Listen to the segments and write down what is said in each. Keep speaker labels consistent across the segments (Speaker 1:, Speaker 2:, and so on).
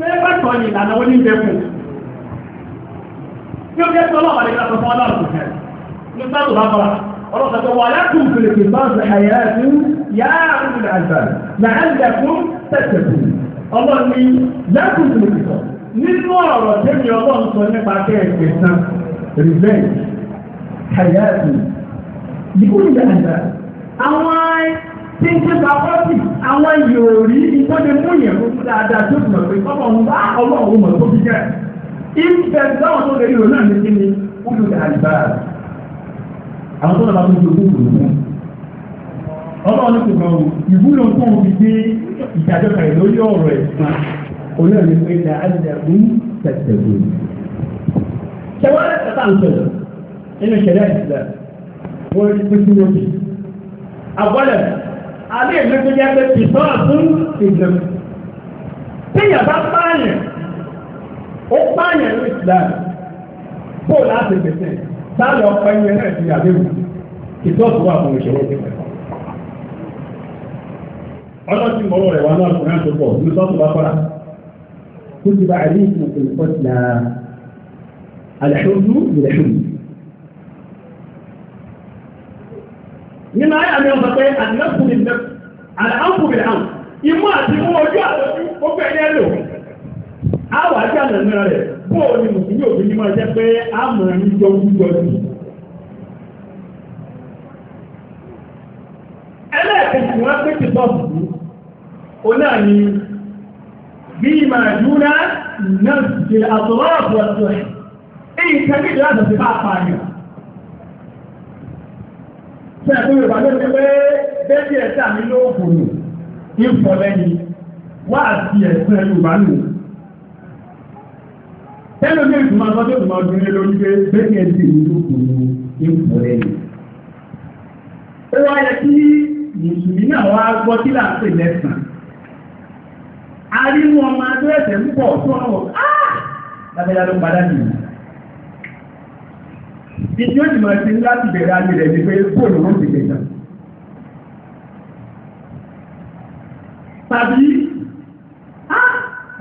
Speaker 1: pé bàtọ̀ ni ìlànà wọn ní ìdẹ́kùn tí ó jẹ́ pé ọlọ́ọ̀bà lè gbàgbọ́ fún ọlọ́ọ̀bù kẹ́ ló bá lò bá bọ̀ ọlọ́ọ̀bà tó wà látùn fèrèsé báńsì àyà ẹ̀sìn yá àrùn àgbà làálẹ̀kùn tẹ̀sẹ̀kù ọlọ́ọ̀ni látùn fèrèsé sọ nínú ọ̀rọ̀ tẹ́mi ọlọ́ọ̀n sọ nípa kẹ́ẹ̀kẹ́ sàn rìvẹ́ǹsì àyà ẹ̀sìn yìí kò ní tí ń ṣe pàkọ́tì àwọn yòòrí ìtọ́jú mú yẹn fún dáadáa tó tún ọ̀pẹ kọ́kọ́ ń bá ọlọ́run mọ̀ tó fi jẹ́ ìfẹ́ dáwọn tó lè yòó náà ní kí ni wúlò ní àlùbá àwọn tó lọ́ba tó ń dojú kò fún ọlọ́run ní kò kàn ó ìwúlò tó ń fi gbé ìdájọ́ kàrí lórí ọ̀rọ̀ ẹ̀sán olóòrè pé ní àdàgún tẹ̀tẹ̀gbò ṣẹwọ́n ẹ̀ka ń sọ̀rọ̀ nínú ìṣẹ̀lẹ̀ ìṣẹ̀lẹ̀ wọ́n rí pé sí méjì àbọ̀lẹ̀ àbí èmi tó jẹ́ pé pìtọ́ ọ̀tún ìdùnnú. Téèyàn bá pààyàn, ó pààyàn ní ìsìláàmù. Bóòlù láti gbèsè, sáàlì ọ̀pọ̀ ẹni náà ti àdéhùn. Pìtọ́ ọ̀tún wà fún ìṣòro ti pẹ̀lú. Ọlọ́sìn mọ́wọ́ rẹ̀ wà náà kùnrin àtúbọ̀ ní sọ́ọ̀tù bá kọ́ra. Kùtùbà àdéhùn kò ní kọ́ nínú ayé àmì ọ̀sán pé àdínẹ́kùn ní nẹ́kù àdáhùn bí àhùn imú àti imú ojú àtọ́jú ó fẹ́ lò àwọn àti ànàmíra rẹ̀ bóò ni mùsùlùmí òfin ní máa jẹ́ pé àmọ̀ ní jọjújọjú. ẹlẹ́ẹ̀kejì wọn pé ti bọ́ bùkú ó náà ní bí màdúrà náà ti àtọ̀rọ̀ pààyàn. Ṣé ẹ̀kọ́ Yorùbá ló ti pé bẹ́ẹ̀ni ẹ̀sẹ̀ àmì ló gùn ní ìfọ̀lẹ́yìn wá àti ẹ̀sẹ̀ Yorùbá nù. Tẹ́lẹ̀ ní ìtumọ̀ àtọ́jú ìtumọ̀ ọdún ní lórí pé bẹ́ẹ̀ni ẹ̀sẹ̀ àmì ló gùn ní ìfọ̀lẹ́yìn. Ó wá yẹ kí Mùsùlùmí náà wá gbọ́ kí là ń pè lẹ́sàn. A rí wọn máa tó ẹ̀sẹ̀ ń pọ̀ tó ọ̀rọ̀ ìdí ó jùmọ̀ sí láti bẹ̀rẹ̀ ayé rẹ̀ ni pé bóòlù wọn ti gbẹ̀dà. tàbí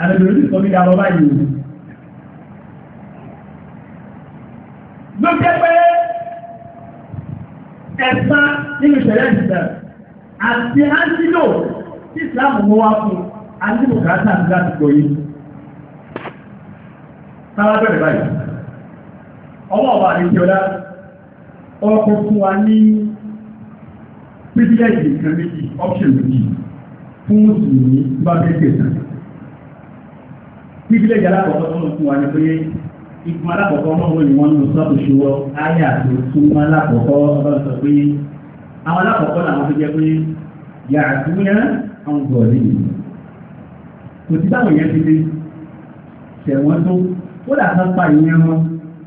Speaker 1: àlejò ló ti sọ mí dáwọ́ báyìí o. ló jẹ́ pé ẹ̀sán nínú ìṣẹ̀lẹ̀ ìṣẹ̀lẹ̀ àti ángílò tí ìsìláàmù mú wá fún ángílò kàtà àti láti gbòye. táwa bẹ̀rẹ̀ báyìí ọwọ́ ọba àríjọlá ọkọ̀ fún wa ní pírílẹ̀jì nǹkan méjì option méjì fún mùsùlùmí bá bẹ́ẹ̀ tẹ̀ tán pírílẹ̀jì alákọ̀ọ́kọ́ tó ń fún wa ní pé ìgbìmọ̀ alákọ̀ọ́kọ́ náà wọ́n ní wọ́n nù sọ́ọ̀tù ṣòwò ayé àti ìtumọ̀ alákọ̀ọ́kọ́ ọba sọ pé àwọn alákọ̀ọ́kọ́ làwọn tó jẹ́ pé yàtúnyà àwọn bọ̀ọ̀lì kò sí báwọn yẹn ti dé tẹ̀wọ́n tó kó dà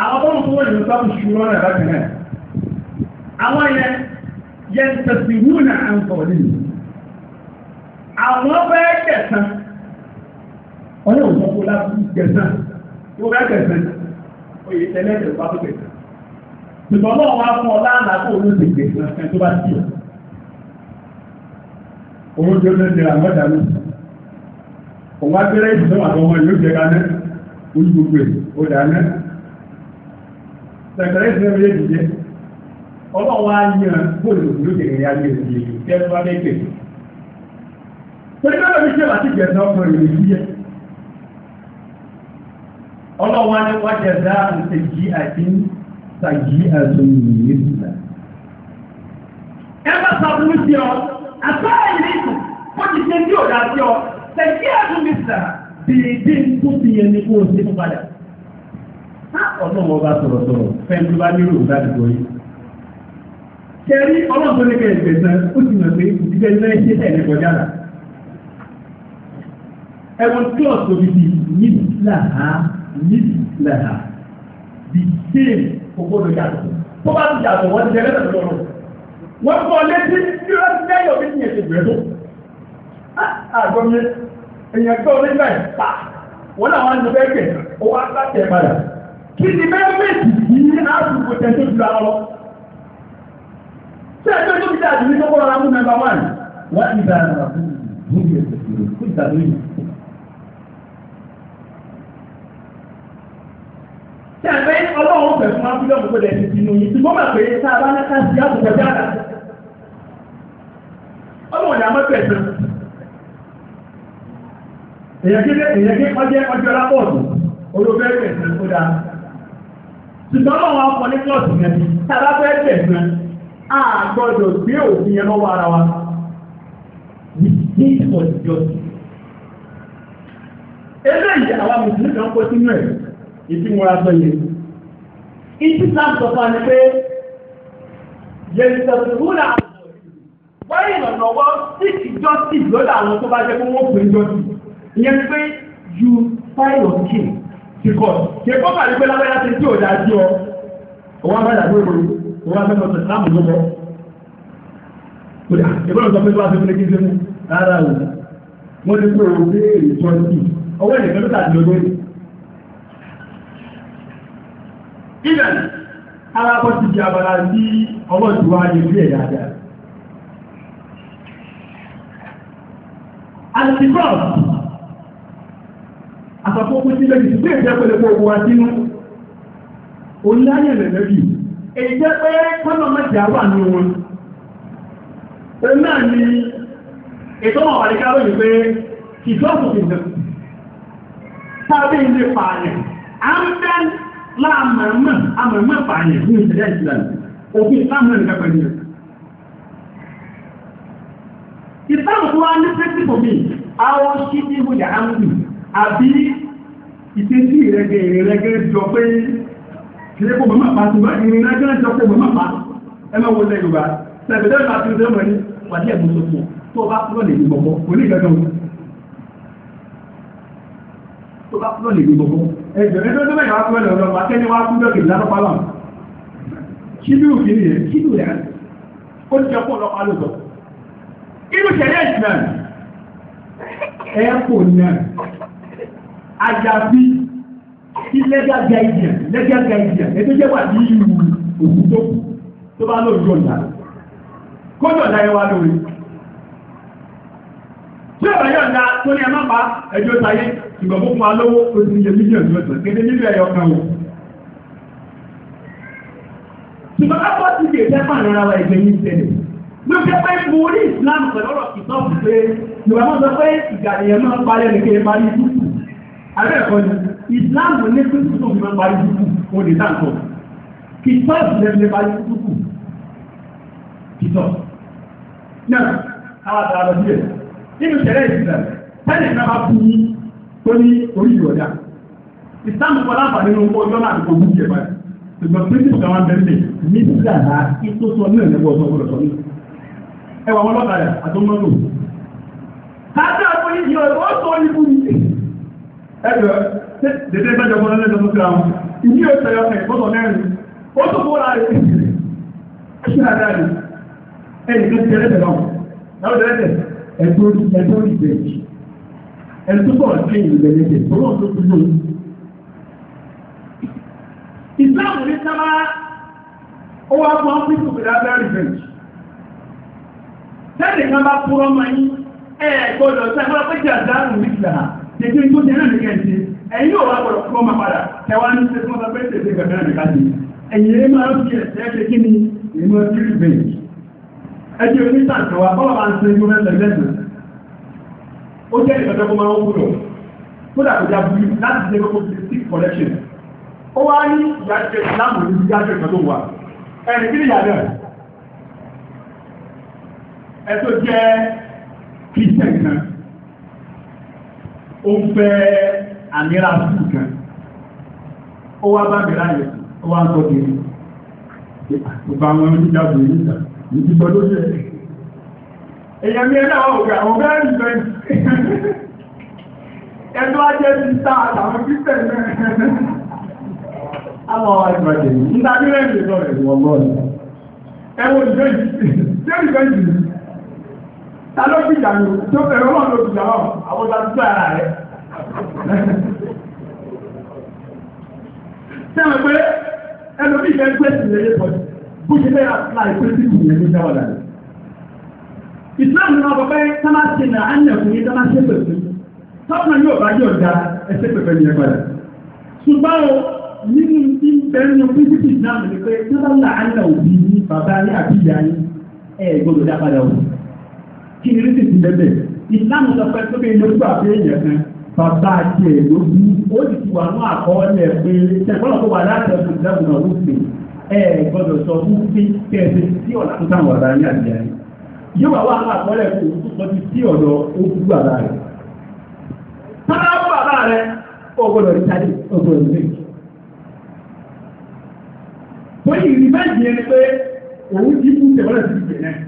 Speaker 1: àwọn tó ń fowó ìlú sábà ṣùgbọ́n náà láti náà àwọn yẹn yẹn tẹ̀sí wù náà à ń sọ̀rọ̀ nínú àwọn bẹ́ẹ̀ kẹsàn ọlọ́run tó kó láti kẹsàn tó bẹ́ẹ̀ kẹsàn oyè ẹlẹ́dẹ̀ẹ́ bá tó kẹsàn ṣùgbọ́n náà wọ́n á fún ọ láàlá kó olóṣè kẹsàn ẹ̀ tó bá tì ọ́ owó tó lé ní àwọn ọ̀dà náà òun á gbé lẹ́yìn tó wà lọ́wọ́ yóò jẹ́ ká náà tẹ̀tẹ̀rẹ́ ti rẹ̀ lè jẹ́ ọlọ́wọ́ á yàn bóòlù ló jẹ̀ ìrìn ayé òsì èyí tẹ́ bá bẹ́ pè. torí bẹ́ẹ̀ mi ṣe láti jẹ̀ náà fún ìrìn ìdíyẹ. ọlọ́wọ́ á ní wọ́n jẹ̀ dá ìṣèjì àti ìṣàjì àtúnyìn nígbà. ẹ bá sàbúrú sí ọ àtọ́ ìrìn ìtò ó ti ṣe bí òdà sí ọ ṣèjì àtúnyìn nígbà bèèdè tó ti yẹn ní kó o ṣe fún padà ọlọ́run ọba sọ̀rọ̀sọ̀rọ̀ fẹ́ẹ́ tó bá nílò ìdádìgbò yìí. kẹrí ọlọ́run tó ní kẹ́ ẹ̀gbẹ́ sàn ó ti mọ̀ pé ìdílé náà ṣe tẹ̀lé kọjá rà. ẹ̀wọ̀n tí ọ̀ tóbi di nílàhà nílàhà di déèmù ògbódò yàtọ̀ tó bá ti yàtọ̀ wọ́n ti tẹ̀lé tẹ̀lé lọ́rùn. wọ́n fọ́ létí bí wọ́n ti dẹ́yọ̀ bí tiẹ̀ ṣe gbẹ̀ẹ́ tó. Ah, àgbọ̀n mi èèyàn gbọ́ kí ni mẹ́rẹ́mẹ́tì yìí ní àsìkò tẹ̀sí ìlú àwọn lọ. Ṣé ẹgbẹ́ tó fi dáàbò ní kókó rárá fún mẹ́mbà wáyé? Wọ́n ti bá ara fún ìlú ẹ̀sẹ̀ fún ìtàlóyè. Ṣé ẹgbẹ́ ọlọ́run fẹ̀ fún Áfíríkà gbogbo ẹ̀ ti tinú yìí? Ṣùgbọ́n mà pé tá a bá ní káàsì àbùkọ̀ jáda. Ọlọ́run ni a mọ̀ pẹ̀sẹ̀. Èyàn kí ọjọ́ ọjọ́ lápọ̀ ọ̀dùn, olóbẹ̀rẹ̀ pẹ̀sẹ̀ kó dáa ṣùgbọ́n náà wọn kọ ní kílọ̀sì yẹn tàbá fẹ́ tẹ̀sán á gbọ́dọ̀ gbé òfin yẹn lọ́wọ́ ara wa we need for the justice. eléyìí àwa mùsùlùmí kan kó sínú ẹ̀ ìdí wọn aṣọ yẹn ìdí sáà sọ fún mi pé yẹn sọ̀tún húnà wọ́n ìrànlọ́wọ́ síkì justice lọ́dọ̀ àwọn tó bá jẹ́ pé wọ́n pè é justice ìyẹn pé you find your case kíkọ́ kíkọ́ kàrí pé lábẹ́yà ti tí ò dáa sí ọ òun á bàjá gbogbo òun á fẹ́ràn ọ̀sẹ̀ láàmù ló bọ́. ìbọn ìsọ pé tó bá ti fún kíkí mú rárá o wọ́n ti kó o béèrè tọ́jú ọwọ́ ìdẹ̀kẹ́ ló tàbí lọ lórí. ìdàn alákọ̀ ti di abala sí ọwọ́ ìdúró ayé ilé ẹ̀yà àjà. àti bọ́ọ̀lù àtàkùn kú sí lẹ́yìn ṣùgbọ́n ìjẹ́ pẹ̀lú gbogbo wa sínú oníláyẹ̀ lẹ́lẹ́bì èyí jẹ́ pé kọ́nà mẹ́jà wà ní wọn òun náà ni ètò ọmọ àríkà lónìí pé ìjọ́sùn ti dẹ̀ tàbí ilé pààyàn à ń bẹ́ láàmàmà àmàmà pààyàn ní ìṣẹ̀lẹ̀ ìṣẹ̀lẹ̀ òfin ìsáàmù nìkan pẹ̀lú rẹ̀ ìsáàmù tó wá ní pẹ́sìtò mi àwọn ṣíṣí ìwòyà á ń gbìyànjú àbí ìtẹ́sí ìrẹ́gẹ̀ ìrẹ́gẹ̀ jọ pé kìlẹ́kọ̀ mọ́mà pa ti bá ìrìnrẹ́gẹ̀ jọ pé mọ́mà pa ẹmọ wo lẹ yorùbá sẹ̀bẹ̀dẹ̀ bá ti rẹ̀ mọ̀ ní wà ní ẹ̀bùn tó fún tó bá kúrò lè ní bọ̀bọ̀ kò ní ìgbẹ̀gbẹ̀ wọn tó bá kúrò lè ní bọ̀bọ̀ ẹgbẹ̀rẹ̀ tó tó bẹ̀rẹ̀ wá ṣẹlẹ̀ ìsìn náà náà àyàfi kí legal guardian legal guardian ètò jẹ́ wà ní ìlú òkú tó kù tó bá lóòjú ọ̀dà kódò ọ̀dà yẹn wá lórí. tí ọ̀dà yẹn ọ̀dà tó ní ẹ má pa ẹjọ́ sáyé ìgbọ̀n fún wa lówó tó ti yẹ mílíọ̀nù ọ̀sán kéde mílíọ̀nù ẹ̀yọ̀ kan wọ̀. ṣùgbọ́n kápọ́ ti dè fẹ́ fún àrùn ara ẹ̀jẹ̀ yín tẹ̀lé ló jẹ́ pé mo rí Islam pẹ̀lú ọ̀rọ̀ kìtọ́ọ̀kì pé Yorùbá mọ̀ sọ pé ìgbà abẹ́ẹ̀kọ́ ni ìsìláàmù ní pípù tó fi máa parí dúkù ó lè dáǹtọ̀ kìtọ́ọ̀sì lẹ́nu lè parí dúkù kìtọ́ náà káwá tàà lọ nínú tẹ̀lé ìsìlẹ̀ tẹ́lẹ̀ náà bá fún yín tó ní orí kọ́ láǹfààní ní ọjọ́ náà báyìí ṣùgbọ́n wọn bẹ̀rẹ̀ ní sọ sọ ní. ẹwà wọn ẹjọ́ dédé mẹ́jọ mọ́ lẹ́jọ́ tó kíra wọn ìní ò tẹ̀yọ ẹ̀ gbọ́dọ̀ mẹ́rin ó tó kó láàrin ìṣẹ̀lẹ̀ ẹṣin àdáàlì ẹnì kan ti ẹlẹ́tẹ̀ náà náà lẹ́tẹ̀ ẹ̀dọ́ ẹ̀dọ́ ìgbẹ́ ẹni tó bọ̀ lẹ́yìn ìgbẹ́ lẹ́tẹ̀ tó lọ́n tó kú lóyún. ìsìláàmù ní sábà ó wá fún ọ́n pínpín pẹ̀lú abẹ́rẹ́ rìvẹ́ǹjì sẹ́ni kan bá kúrọ́ mọ́ yín ẹ̀ gbọ́dọ̀ sẹ́ni tètè tó tẹ náà nìkan ṣe ẹ̀yin yóò wá gbọ́dọ̀ kó máa padà tẹwa ní ṣe fún ọgbẹ́ tètè gbẹ̀gbẹ̀ náà nìkan ṣe ẹ̀yin eré máa ń fi ẹ̀sẹ̀ ṣe kí ni ìmọ̀ tírì bẹ́ẹ̀ ẹjẹ́ onítàǹtẹ̀ wa bọ́lá máa ń ṣe ìmọ̀ lẹ́sẹ̀lẹ́sẹ̀ ó jẹ́ ìtọ́jọ́ kó máa ń wúlò kó dà kó já bu láti ṣe kókó six collection ó wá ní ìyájọ́ ìsìlámù ní ìyájọ́ ìtọ́jú wa ẹ̀rìn kí ni ìyàrá ẹ̀ tó jẹ́ kristian náà ó fẹ́ àmìrà sùn kan ó wá bá mi láyè ó wá ń sọ kiri gbogbo àwọn oníjàgbé ní ti èèyàn mi ẹ̀dá ẹ̀dọ́ ti ta ló fi jà lóru tó bẹ̀rẹ̀ ọlọ́run ló fi jà wọn àwọn ọ̀dà tó ara rẹ̀. sẹ́wọ̀n pé ẹnu bí ìfẹ́ gbé sí ilé pọ̀ bó ṣe fẹ́ apply pé sí ìyẹn ló dáwọ́ dà ìsìláàmù náà bọ̀ pé sábà ṣe nà á nà fún yín sábà ṣe pè fún tọ́pọ̀ yóò bá yóò da ẹsẹ̀ pẹ̀pẹ̀ ní ẹgbẹ́ rẹ̀ ṣùgbọ́n o nínú tí ń bẹ̀rẹ̀ ní pírísìtì ìsìláàmù ni pé sábà nà á nà òbí yín bàbá yín àbí ìyá yín ẹ̀ gbọ́dọ̀ dá padà wọ̀ kí ni rítì ti lẹ́bẹ̀ ìsìláàmù sọ pé tóbi ilé gbà pé èèyàn kan bàbá àti ẹ̀lógún ó sì ti wà ní àkọọ́lẹ̀ pé ṣẹ̀gbọ́n tó wà láti ẹ̀sùn ìdáhùn náà wúfin ẹ̀ gbọ́dọ̀ sọ wúfin kẹ́ẹ̀sì sí ọ̀la tó táwọn ọ̀la ní àdìyà rẹ̀ yóò wà wá àwọn àkọọ́lẹ̀ kò tó sọ ti sí ọ̀dọ̀ ogún bàbá rẹ̀ sábà wọ bàbá rẹ̀ ó gbọ́dọ̀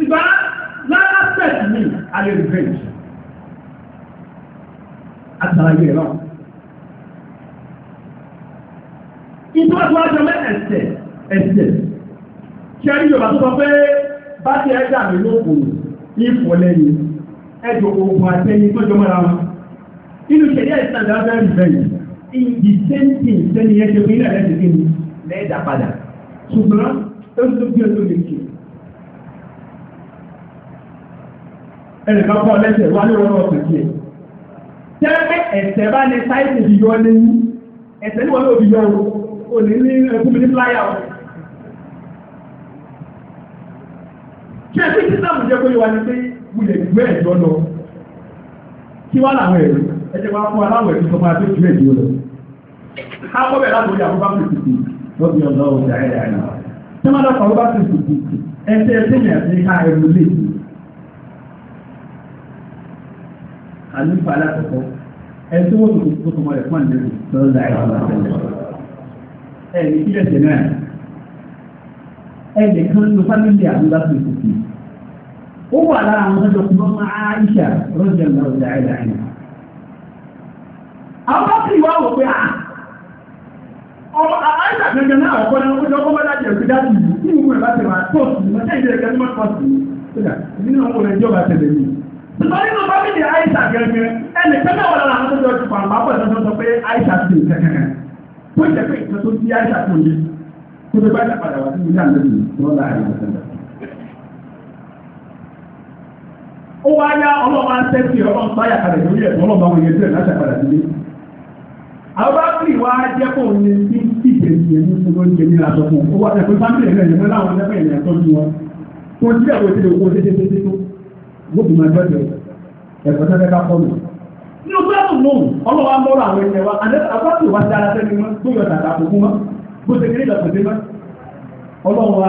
Speaker 1: ṣùgbọ́n lára sẹ́ẹ̀tì mi alẹ́ revenge àtàlàyé rẹ̀ náà. ìtura tó wájú ọmọ ẹsẹ̀ ẹsẹ̀ ṣe rí yorùbá tó sọ pé bá ti ẹja mi lóko ìfọ̀ lẹ́yìn ẹjọ ogun àtẹ̀yìn tó jọmọ́ ra wọn inú ìṣẹ̀lẹ̀ ẹ̀sán dáadáa revenge ìdí sẹ́ńtì sẹ́ni ẹ̀ṣẹ̀ fún ilé ẹ̀ṣẹ̀ fún mi lẹ́ẹ̀dá padà ṣùgbọ́n ó tún bí ó lè ṣe. ẹnìkan kọ́ lẹ́sẹ̀ wá ní ọ̀rọ̀ ọ̀sẹ̀ díẹ̀. Tẹ́lẹ̀ ẹ̀sẹ̀ bá ní sáìtì fi yọ lẹ́yìn ẹ̀sẹ̀ ní wọn ló fi yọ o ò ní ní ẹkún mi ní fúláyà o. Kí ẹ fi títà mú jẹ́ pé wà ní pé mo lè gbé ẹ̀jọ́ lọ. Kí wá làwọn ẹ̀rọ ẹ jẹ́ wá fún aláwọ̀ ẹ̀jọ́ tó máa tó ju ẹ̀jọ́ lọ. Ká kọ́ bẹ̀ látòrí àbúrò bá fi tètè lọ́bi ọ̀dọ́ ọ̀dà ẹ̀yà àlùfáà alákọ̀ọ́kọ́ ẹni tó wọ́n tó tó mọ̀ rẹ̀ fún àlùfáà lọ́wọ́ láì wà lọ́wọ́ ẹni kí lẹ́sẹ̀ náà ẹni kan ló fámìlì àdúrà tó kù kì ó wà lára àwọn ọjọ́ kúrọ́ máa rọ́jà àwọn bá wá wò pé à náà bá dájú ṣùgbọ́n nínú fámìlì àìsà gẹ́gẹ́ ẹnì kẹ́kẹ́ wà lára àwọn tó jọ ti pàǹpà pọ̀ tó sọ pé àìsà ti ń kẹ́kẹ́ tó jẹ́ pé ìtàn tó ti àìsà tó yé tó ti bá ìṣàpadà wà sí ilé àlejò tó ń la àìsà sẹ́ńdà. ó wá yá ọlọ́wọ́ àtẹ́sí ọlọ́run báyà kalẹ̀ lórí ẹ̀sùn ọlọ́run àwọn èèyàn tẹ̀lé láti àpadà sílé. àwọn bá pè wá jẹ́ kó o ní bí ìdè ìyẹn ní gbogbo ìdè ní aṣọ fún un ó wá gbogbo máa jọjọ ẹ̀kọ́ tó fẹ́ ká kọ́ mi. nínú kíláàsì lóhùn ọlọ́wà ń bọ́rọ̀ àwọn ẹ̀yẹ wa àbátì wa dára sẹ́ni mọ́ tó yọ tàtà kò fún mọ́ bó ṣe kéré ìdàgbò dé mọ́. ọlọ́wà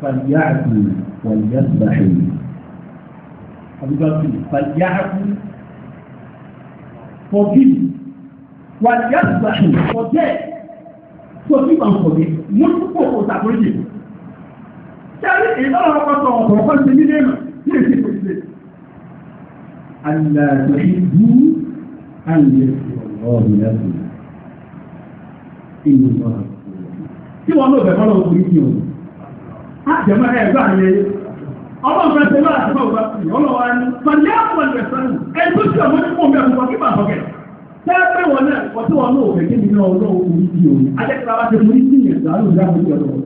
Speaker 1: fàlíyàkù wàlíyàsùbàṣẹ àbúgbà fi fàlíyàkù fọ̀bí wàlíyàsùbàṣẹ fọ̀jẹ́ fọ̀bí kan fọ̀bí mọ́tò kò kò sàkóríjì. Jẹ́rí ìbára ọpọlọ ọ̀pọ̀ ṣe ní lẹ́nà ní èsì pèsè. Àlàyé ìbú àlẹ́ ọ̀rọ̀ ìyàtọ̀. Inú bá a. Tí wọ́n lò bẹ̀rẹ̀ lọ́wọ́ orí kí o. Á jẹ́ mọ́ ẹgbẹ́ àyẹ. Ọlọ́run fẹ́ ṣe láti fẹ́ òbá sí ọlọ́wọ́ á ní. Pàdé àwọn ẹgbẹ́ sẹ́nu. Ẹni tó ṣe ọmọ nípò mi àtúntò kí bàbá kẹ̀. Tẹ́ẹ̀pẹ́ wọn náà, ọtí wọn náà ò fẹ́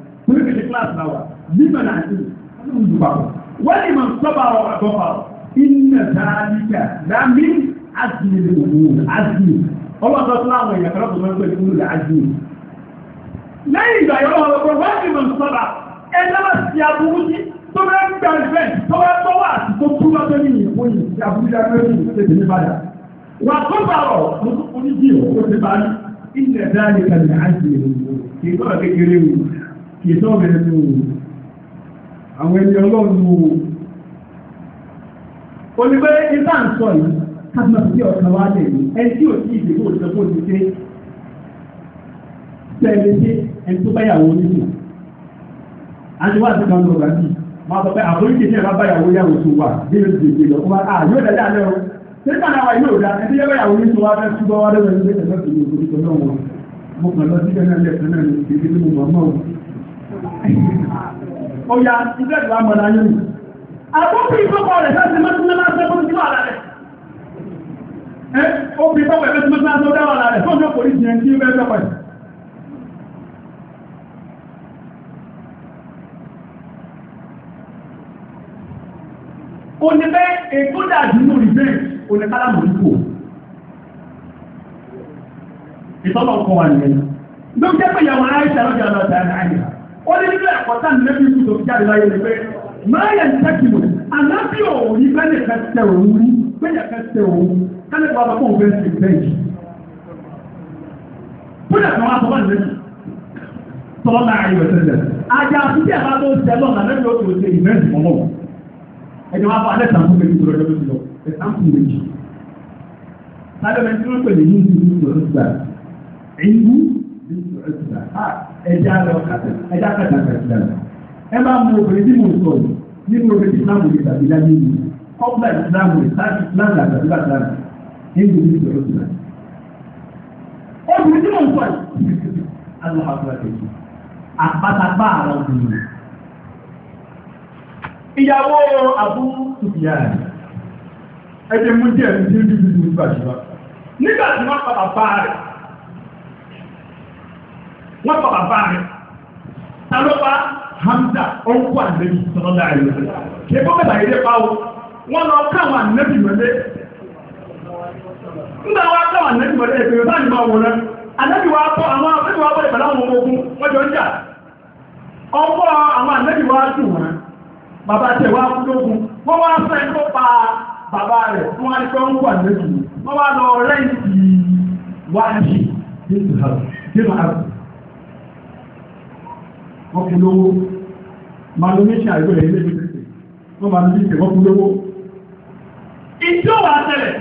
Speaker 1: nínú ìdí kíláàsì náà wà bíbẹ náà ti ọdún ìdí papọ̀ wọ́n ní ma sọ́ba ọ̀ àgọ́fà ọ̀ iná sáájíkà lámì azìlì òun azìlì ọlọ́run tó tún àwọn èèyàn kan lọ́kùnrin wọn pé ìkúlù rẹ̀ azìlì. lẹ́yìn ìgbà yọ̀ wọ́n wọ́n wọ́n ní ma sọ́ba ẹ̀ lọ́wọ́ sí aburú sí tó bẹ́ẹ̀ ń gbà ìfẹ́ tó bẹ́ẹ̀ tó wà tó kúrò tó ní ìyẹ̀wò yìí sí aburú sí aburú sí ìṣèjì ní padà. wà tó bá ọ̀ mo tún fún ní bí ọ̀ ìtọ́ rẹ̀ ní òun àwọn ẹni ọlọ́run òun onígbé ìta ń sọ yìí káàkiri àti bí ọ̀kan wá lè ní ẹni tí ò sí ìdìbò òṣèlú òṣèlú ṣe tẹ̀lé sí ẹni tó bá yàwó nínú àdìwọ́ àti kan lọ́gbà bí máa sọ pé àforíjì ní ẹ̀rọ báyàwó yàwó tó wà bí ó ti dèjì lọ fún wa à yóò dáadáa lẹ́ o nígbà náà wà yóò dá ẹni yẹ́ báyàwó nínú wa fẹ́ túbọ̀ wá lọ́wọ́ ẹni tó tẹ̀lé ọ̀sẹ̀ ọ̀yà ìgbẹ́ ìgbà mọ̀lá yóò ní. àkókò ìfọ́kọ̀ rẹ̀ fẹ́ ti mọ́túnmọ́ máa fẹ́ fún ìjọba rẹ̀. ẹ obìnrin fọ́kọ̀ ẹ̀fẹ́ ti mọ́túnmọ́ máa fẹ́ dáwà rẹ̀ fún ọjọ́ yẹn tí ó ẹ̀. onífẹ́ ètò nìyẹn. ló ń jẹ́ pé ìyàwó aláìsàn ó ní nílẹ̀ ẹ̀kọ́ tá nílẹ̀ bí kùtò fi jáde láyé pé máyà ń tẹ́kìmù ànábì òun ní bẹ́ẹ̀ nìkan tẹ òun rí bẹ́ẹ̀ nìkan tẹ òun kálí bá bá fóun bẹ́ẹ̀ sì bẹ́ẹ̀ yìí. Bóyá kan wá sọ́wọ́n nílẹ̀ tọ́lá láàrin ìwẹ̀ tẹ́lẹ̀. Àjà àtúntì àbá tó ń tẹ lọ́nà ànábì ó tó ṣe ìmẹ́rin mọ́mọ́. Ẹ̀jẹ̀ wá fọ́ alẹ́ sàmú méjì tó lọ́jọ́ méjì lọ. Ẹ̀ sàmú méjì. Sábẹ́ mi tí wọ́n pè ní yíyí ní ìgbà ẹja lọ ẹja kàtàkàtà ẹ bá mú obìnrin tí mo sọ nínú obìnrin ìsìlámù rẹ tàbí lábẹ́ ìlú kọ́ńtà ìsìlámù rẹ láti ìsìlámù rẹ tàbí láti láti nínú ìlú ìjọba ìsìlámù. obìnrin tí mo sọ yìí alábàbà kejì àpátápá àwọn obìnrin. ìyàwó àbú tùkìyà ẹ̀jẹ̀ mú díẹ̀ ní tí ó dúdú ní ìgbà ṣùgbọ́n nígbà tí wọ́n pa bàbá rẹ̀. wọ́n bàbá rẹ̀ ta Hamza ọ̀nkú àlejò sọ̀rọ̀ láàyè rẹ̀ kí ebó bẹ̀rẹ̀ ayé pa lọ káwọn ànẹ́bí wẹ̀lẹ́ nígbà wọn káwọn ànẹ́bí wẹ̀lẹ́ èpè yóò sáàyè máa wọ̀ náà àwọn ogun jọ ń jà àwọn dùn wọn bàbá pa bàbá fún wọ́n fi lówó malomation àìkú rẹ̀ ilé ìgbésẹ̀ wọ́n máa ní ìṣẹ̀ wọ́n fi lówó. ìjọ wa tẹ̀lẹ̀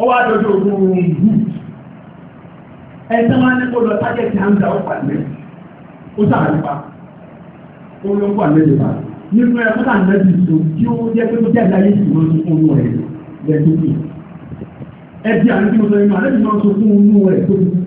Speaker 1: ó wá dojú ogun gùn ẹ̀sẹ̀ máa ní kó lọ tágẹ́tì hamza ó pàdé ó sàrà nípa ó ló kó àlejò bá nínú ẹ̀ fúnà nẹ́ẹ̀sì tó tí ó jẹ́ pé tó fún un rẹ̀ tó fún un.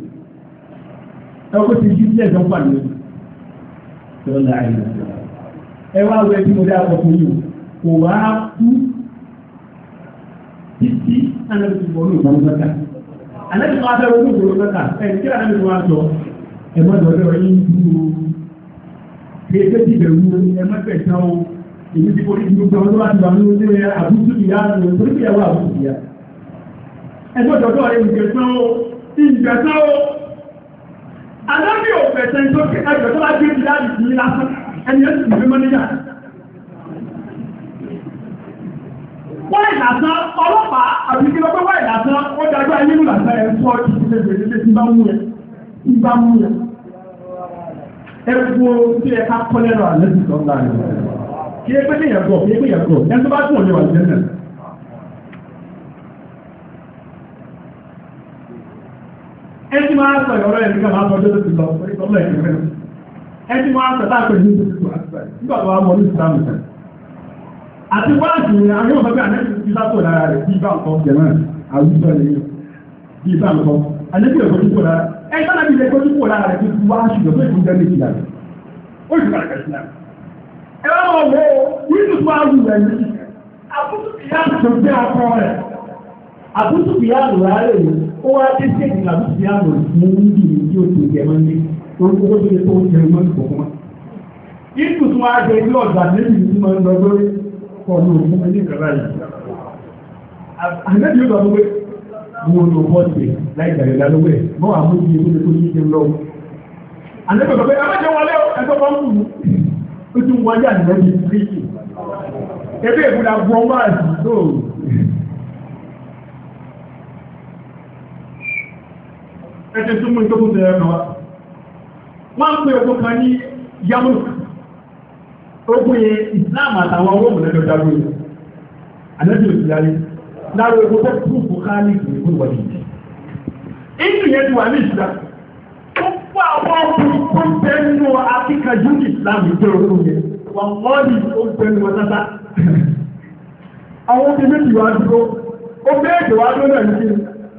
Speaker 1: ẹ̀kọ́ ti di ilé ẹ̀dán pàdé tó láàyè ẹ wá wẹ bí mo dá ọkọ̀ yìí kò wá kú títí anábìtì bọ́ọ̀lù ìgbàlódọ́ta anábìtì wọn abẹ́rẹ́ ọdún ìgbàlódọ́ta ẹ̀ kí anábìtì wọn sọ ẹ̀ mọ́ dọ̀dọ̀ yín dúró kéèké ti bẹ̀rù ẹ̀ mọ́ bẹ̀ tán o èyí ti kórìí gbogbo ọdún wa ti wà ní oṣù yẹn àbútú ìyá àti oṣù ìyàwó àbútú ìyá ẹ̀ mọ́ dọ̀dọ̀ yín ìgbẹ̀tán o ìgbẹ̀tán o. Àdábì ò fẹ̀sẹ̀ tó kí ẹgbẹ̀ tó bá gbé ti láti sí lásán, ẹni ẹ̀sì ìwé mọ́níjà. Wọ́n ìlàsán ọlọ́pàá àbíkí lọ pé wọ́n ìlàsán ó dájú ayé mú làsán ẹ̀ fún ọdún sí lẹ́gbẹ̀ẹ́ lẹ́gbẹ̀ẹ́ tí bá mú yẹn. Tí bá mú yẹn. Ẹ wo tí ẹ ká kọ́ lẹ́nu àlẹ́ ti sọ́ńdà rẹ̀. Kí ẹ pé ní ẹ̀gọ́, kí ẹ pé ẹ̀gọ́, ẹ tó bá tún òye wà lẹ́nu. ẹtí máa ń sọ ìrọ̀rọ̀ ẹ̀mí kan máa tọ́jú ti lọ ọlọ́ ẹ̀mí kan ẹtí máa ń sọ táàpẹ̀ ní oṣù tó nígbà tó wà mọ́ ní ìsìlámù kan. àti wáàtì ni àwọn yóò fẹ́ bí ànẹ́tì ti sá tó lára rẹ̀ bí ibà nǹkan jẹ̀mọ́ àwùjọ ẹ̀yìn bí ibà nǹkan ànẹ́tì rẹ̀ kojú kò lára ẹ̀ sábà bí ilẹ̀ kojú kò lára rẹ̀ tuntun wá ṣùgbọ́n tó ìfúnjẹ́ méjì lára ó yù kàrà kàṣí náà. ẹ wá wọ àbútù bíi àlùwárẹ̀ yìí ó wá dé sí èdè àbútù bíi àlùwárẹ̀ mo ń bì ní bí òtún ìjẹ máa ń dé orúkọ tó yẹ tó ń jẹun máa ń bọ̀ fún wa. ìtù tún wá jẹ ilé ọ̀gá lẹ́yìn tí máa ń lọ lórí ọ̀nà òkú ẹni ìkàrà yìí. àgbẹ̀bí yóò gbàgbọ́ pé mo lò bọ́ọ̀dì láì gbàgbé lálówó ẹ̀ mọ́ àmójú ìwé tó yí jẹun lọ́wọ́. àgbẹ̀bí yóò gbàgbọ́ pé ẹ ẹ̀tẹ̀ tó mú ìjọkùn tẹ̀yẹ kan wá wọ́n ń pè ogun kan ní yamuk ogun yẹn islam àtàwọn owó mọ̀lẹ́dọ̀ dágbò yìí àlẹ́jì òsì láyé lára ogun tó kú fún káàlì kìí kú wọlé yìí inú yẹn ti wà ní ìsìlá ó fún àwọn burúkú bẹ́ẹ̀nu akíkanjú ní islam ìgbé ogun yẹn wọ́n wọ́ọ̀lì ó bẹ́ẹ̀nu wọn sáta àwọn obìnrin méjì wá dúró ó bẹ́ẹ̀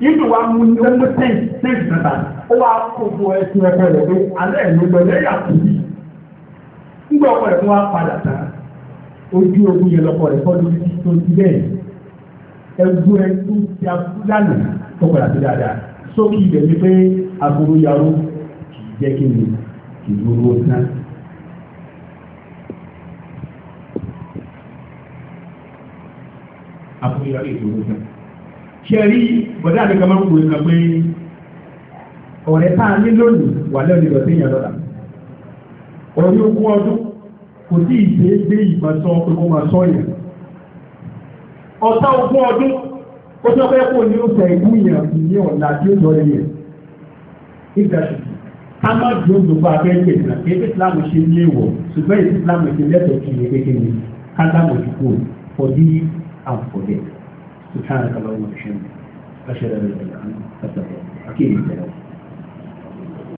Speaker 1: yíyí wa mú ní ọmọ tẹ́yì tẹ́yì nàbà ó wà kókó ẹsìn ẹ̀kọ́ rẹ̀ pé alẹ́ ẹ̀mí lọ lẹ́yà kù yìí nígbà ọkọ rẹ̀ fún wa padà tán ojú ogun yẹn lọkọ rẹ̀ fọ́dún títí tó ti bẹ́ẹ̀ ẹgbẹ́ ẹgbẹ́ ti afúlànà tó padà sí dáadáa sókè ibẹ̀ ni pé aburú yàrá kì í jẹ́ kí ni kì í dúró tán. aburú yàrá kì í dúró tán kẹrí bọ̀dá mi kan máa ń wò kan pé ọ̀rẹ́ tá a ní lónìí wà lẹ́nu ìrọ̀ sí ìyàn lọ́la ọ̀rẹ́ ogún ọdún kò sí ìṣe gbé ìgbà sọ pé kó máa sọ yẹn ọ̀tá ogún ọdún ó tún fẹ́ kó ní oṣù ẹ̀gbú yẹn ní ọ̀la tí ó jọ yẹn nígbà tí ká má dùn ún gbogbo abẹ́ ìgbè náà kí Islam ṣe ní èèwọ̀ ṣùgbọ́n Islam ṣe lẹ́tọ̀ọ́ kì í kékeré ká dáàbò dùkú for this and for that. سبحانك اللهم وبحمدك أشهد أن لا إله إلا أنت أستغفرك حكيم الجلال